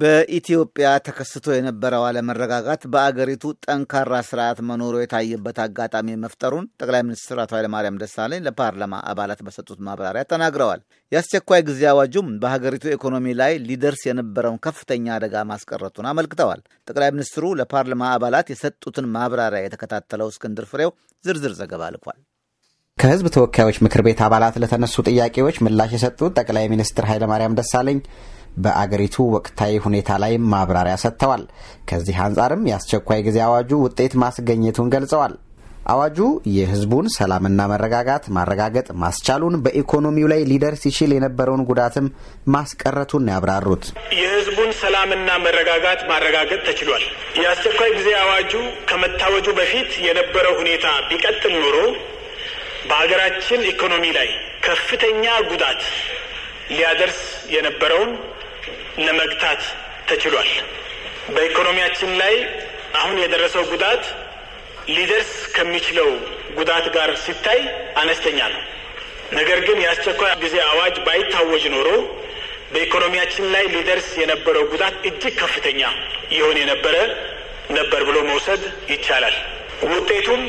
በኢትዮጵያ ተከስቶ የነበረው አለመረጋጋት በአገሪቱ ጠንካራ ስርዓት መኖሩ የታየበት አጋጣሚ መፍጠሩን ጠቅላይ ሚኒስትር አቶ ኃይለማርያም ደሳለኝ ለፓርላማ አባላት በሰጡት ማብራሪያ ተናግረዋል። የአስቸኳይ ጊዜ አዋጁም በሀገሪቱ ኢኮኖሚ ላይ ሊደርስ የነበረውን ከፍተኛ አደጋ ማስቀረቱን አመልክተዋል። ጠቅላይ ሚኒስትሩ ለፓርላማ አባላት የሰጡትን ማብራሪያ የተከታተለው እስክንድር ፍሬው ዝርዝር ዘገባ ልኳል። ከህዝብ ተወካዮች ምክር ቤት አባላት ለተነሱ ጥያቄዎች ምላሽ የሰጡት ጠቅላይ ሚኒስትር ኃይለማርያም ደሳለኝ በአገሪቱ ወቅታዊ ሁኔታ ላይ ማብራሪያ ሰጥተዋል። ከዚህ አንጻርም የአስቸኳይ ጊዜ አዋጁ ውጤት ማስገኘቱን ገልጸዋል። አዋጁ የህዝቡን ሰላምና መረጋጋት ማረጋገጥ ማስቻሉን፣ በኢኮኖሚው ላይ ሊደርስ ይችል የነበረውን ጉዳትም ማስቀረቱን ያብራሩት የህዝቡን ሰላምና መረጋጋት ማረጋገጥ ተችሏል። የአስቸኳይ ጊዜ አዋጁ ከመታወጁ በፊት የነበረው ሁኔታ ቢቀጥል ኖሮ በሀገራችን ኢኮኖሚ ላይ ከፍተኛ ጉዳት ሊያደርስ የነበረውን ለመግታት ተችሏል። በኢኮኖሚያችን ላይ አሁን የደረሰው ጉዳት ሊደርስ ከሚችለው ጉዳት ጋር ሲታይ አነስተኛ ነው። ነገር ግን የአስቸኳይ ጊዜ አዋጅ ባይታወጅ ኖሮ በኢኮኖሚያችን ላይ ሊደርስ የነበረው ጉዳት እጅግ ከፍተኛ ይሆን የነበረ ነበር ብሎ መውሰድ ይቻላል። ውጤቱም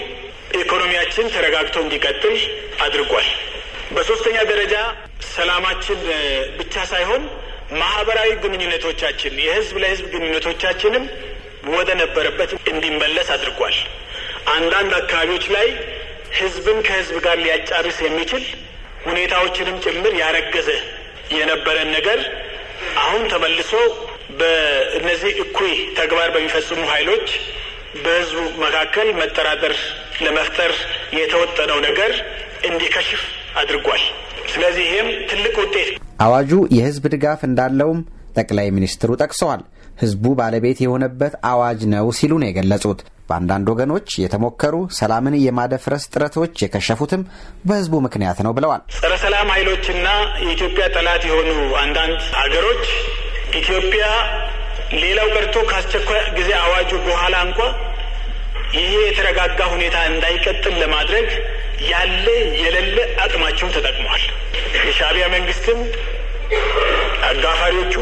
ኢኮኖሚያችን ተረጋግቶ እንዲቀጥል አድርጓል። በሶስተኛ ደረጃ ሰላማችን ብቻ ሳይሆን ማህበራዊ ግንኙነቶቻችን፣ የህዝብ ለህዝብ ግንኙነቶቻችንም ወደ ነበረበት እንዲመለስ አድርጓል። አንዳንድ አካባቢዎች ላይ ህዝብን ከህዝብ ጋር ሊያጫርስ የሚችል ሁኔታዎችንም ጭምር ያረገዘ የነበረን ነገር አሁን ተመልሶ በእነዚህ እኩይ ተግባር በሚፈጽሙ ኃይሎች በህዝቡ መካከል መጠራጠር ለመፍጠር የተወጠነው ነገር እንዲከሽፍ አድርጓል። ስለዚህ ይህም ትልቅ ውጤት። አዋጁ የህዝብ ድጋፍ እንዳለውም ጠቅላይ ሚኒስትሩ ጠቅሰዋል። ህዝቡ ባለቤት የሆነበት አዋጅ ነው ሲሉ ነው የገለጹት። በአንዳንድ ወገኖች የተሞከሩ ሰላምን የማደፍረስ ጥረቶች የከሸፉትም በህዝቡ ምክንያት ነው ብለዋል። ጸረ ሰላም ኃይሎችና የኢትዮጵያ ጠላት የሆኑ አንዳንድ አገሮች ኢትዮጵያ ሌላው ቀርቶ ከአስቸኳይ ጊዜ አዋጁ በኋላ እንኳ ይሄ የተረጋጋ ሁኔታ እንዳይቀጥል ለማድረግ ያለ የሌለ አቅማቸውን ተጠቅመዋል። የሻቢያ መንግስትም አጋፋሪዎቹ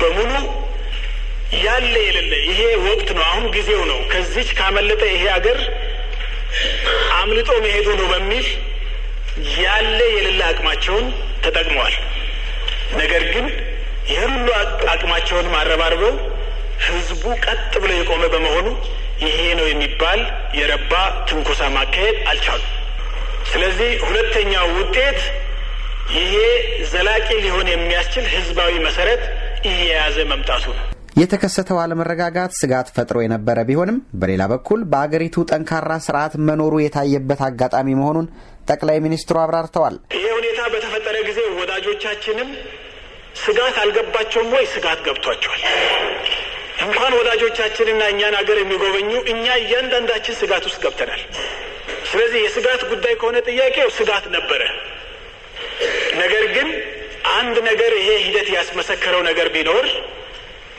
በሙሉ ያለ የሌለ ይሄ ወቅት ነው፣ አሁን ጊዜው ነው፣ ከዚች ካመለጠ ይሄ አገር አምልጦ መሄዱ ነው በሚል ያለ የሌለ አቅማቸውን ተጠቅመዋል። ነገር ግን ይህን ሁሉ አቅማቸውን ማረባርበው ህዝቡ ቀጥ ብሎ የቆመ በመሆኑ ይሄ ነው የሚባል የረባ ትንኮሳ ማካሄድ አልቻሉም። ስለዚህ ሁለተኛው ውጤት ይሄ ዘላቂ ሊሆን የሚያስችል ህዝባዊ መሰረት እየያዘ መምጣቱ ነው። የተከሰተው አለመረጋጋት ስጋት ፈጥሮ የነበረ ቢሆንም በሌላ በኩል በአገሪቱ ጠንካራ ስርዓት መኖሩ የታየበት አጋጣሚ መሆኑን ጠቅላይ ሚኒስትሩ አብራርተዋል። ይሄ ሁኔታ በተፈጠረ ጊዜ ወዳጆቻችንም ስጋት አልገባቸውም ወይ? ስጋት ገብቷቸዋል። እንኳን ወዳጆቻችንና እኛን አገር የሚጎበኙ እኛ እያንዳንዳችን ስጋት ውስጥ ገብተናል። ስለዚህ የስጋት ጉዳይ ከሆነ ጥያቄው ስጋት ነበረ። ነገር ግን አንድ ነገር ይሄ ሂደት ያስመሰከረው ነገር ቢኖር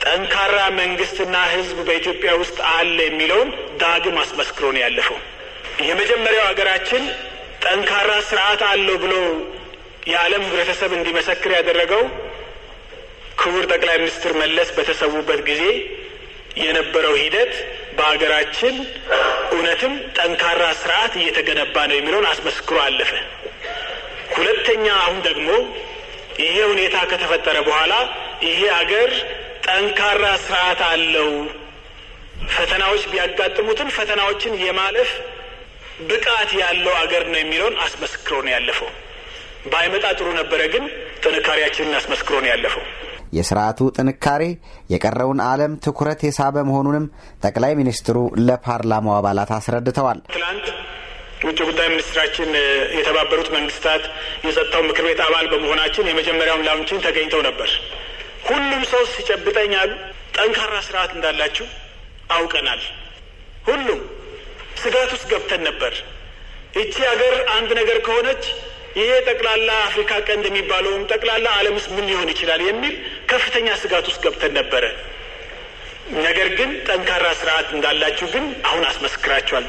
ጠንካራ መንግስትና ህዝብ በኢትዮጵያ ውስጥ አለ የሚለውን ዳግም አስመስክሮ ነው ያለፈው። የመጀመሪያው ሀገራችን ጠንካራ ስርዓት አለው ብሎ የዓለም ህብረተሰብ እንዲመሰክር ያደረገው ክቡር ጠቅላይ ሚኒስትር መለስ በተሰዉበት ጊዜ የነበረው ሂደት በሀገራችን እውነትም ጠንካራ ስርዓት እየተገነባ ነው የሚለውን አስመስክሮ አለፈ። ሁለተኛ፣ አሁን ደግሞ ይሄ ሁኔታ ከተፈጠረ በኋላ ይሄ አገር ጠንካራ ስርዓት አለው፣ ፈተናዎች ቢያጋጥሙትም ፈተናዎችን የማለፍ ብቃት ያለው አገር ነው የሚለውን አስመስክሮ ነው ያለፈው። ባይመጣ ጥሩ ነበረ፣ ግን ጥንካሬያችንን አስመስክሮ ነው ያለፈው። የስርዓቱ ጥንካሬ የቀረውን ዓለም ትኩረት የሳበ መሆኑንም ጠቅላይ ሚኒስትሩ ለፓርላማው አባላት አስረድተዋል። ትናንት ውጭ ጉዳይ ሚኒስትራችን የተባበሩት መንግስታት የጸጥታው ምክር ቤት አባል በመሆናችን የመጀመሪያውን ላውንችን ተገኝተው ነበር። ሁሉም ሰው ሲጨብጠኝ አሉ ጠንካራ ስርዓት እንዳላችሁ አውቀናል። ሁሉም ስጋት ውስጥ ገብተን ነበር። ይቺ ሀገር አንድ ነገር ከሆነች ይሄ ጠቅላላ አፍሪካ ቀንድ የሚባለውም ጠቅላላ ውስጥ ምን ሊሆን ይችላል የሚል ከፍተኛ ስጋት ውስጥ ገብተን ነበረ። ነገር ግን ጠንካራ ስርዓት እንዳላችሁ ግን አሁን አስመስክራችኋል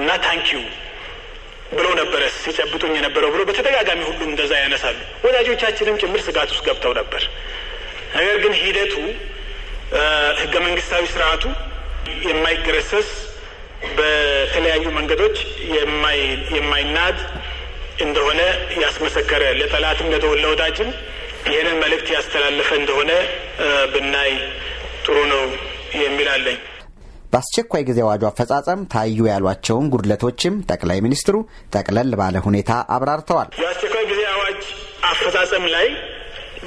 እና ታንኪዩ ብለው ነበረ ሲጨብጡኝ የነበረው ብሎ በተደጋጋሚ ሁሉም እንደዛ ያነሳሉ። ወዳጆቻችንም ጭምር ስጋት ውስጥ ገብተው ነበር። ነገር ግን ሂደቱ ህገ መንግስታዊ ስርዓቱ የማይገረሰስ በተለያዩ መንገዶች የማይናድ እንደሆነ ያስመሰከረ ለጠላትም ለተወላወታችን ይህንን መልእክት ያስተላለፈ እንደሆነ ብናይ ጥሩ ነው የሚል አለኝ። በአስቸኳይ ጊዜ አዋጁ አፈጻጸም ታዩ ያሏቸውን ጉድለቶችም ጠቅላይ ሚኒስትሩ ጠቅለል ባለ ሁኔታ አብራርተዋል። የአስቸኳይ ጊዜ አዋጅ አፈጻጸም ላይ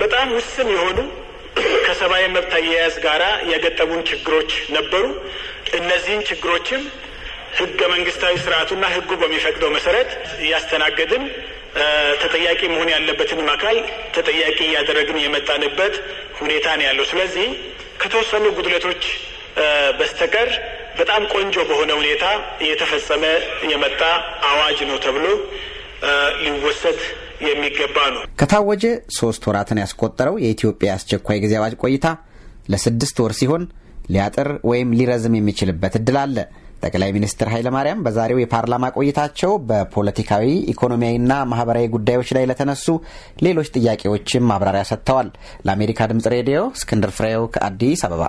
በጣም ውስን የሆኑ ከሰብአዊ መብት አያያዝ ጋራ የገጠሙን ችግሮች ነበሩ። እነዚህን ችግሮችም ህገ መንግስታዊ ስርዓቱና ህጉ በሚፈቅደው መሰረት እያስተናገድን ተጠያቂ መሆን ያለበትንም አካል ተጠያቂ እያደረግን የመጣንበት ሁኔታ ነው ያለው። ስለዚህ ከተወሰኑ ጉድለቶች በስተቀር በጣም ቆንጆ በሆነ ሁኔታ እየተፈጸመ የመጣ አዋጅ ነው ተብሎ ሊወሰድ የሚገባ ነው። ከታወጀ ሶስት ወራትን ያስቆጠረው የኢትዮጵያ አስቸኳይ ጊዜ አዋጅ ቆይታ ለስድስት ወር ሲሆን ሊያጥር ወይም ሊረዝም የሚችልበት እድል አለ። ጠቅላይ ሚኒስትር ኃይለማርያም በዛሬው የፓርላማ ቆይታቸው በፖለቲካዊ ኢኮኖሚያዊና ማህበራዊ ጉዳዮች ላይ ለተነሱ ሌሎች ጥያቄዎችም ማብራሪያ ሰጥተዋል። ለአሜሪካ ድምጽ ሬዲዮ እስክንድር ፍሬው ከአዲስ አበባ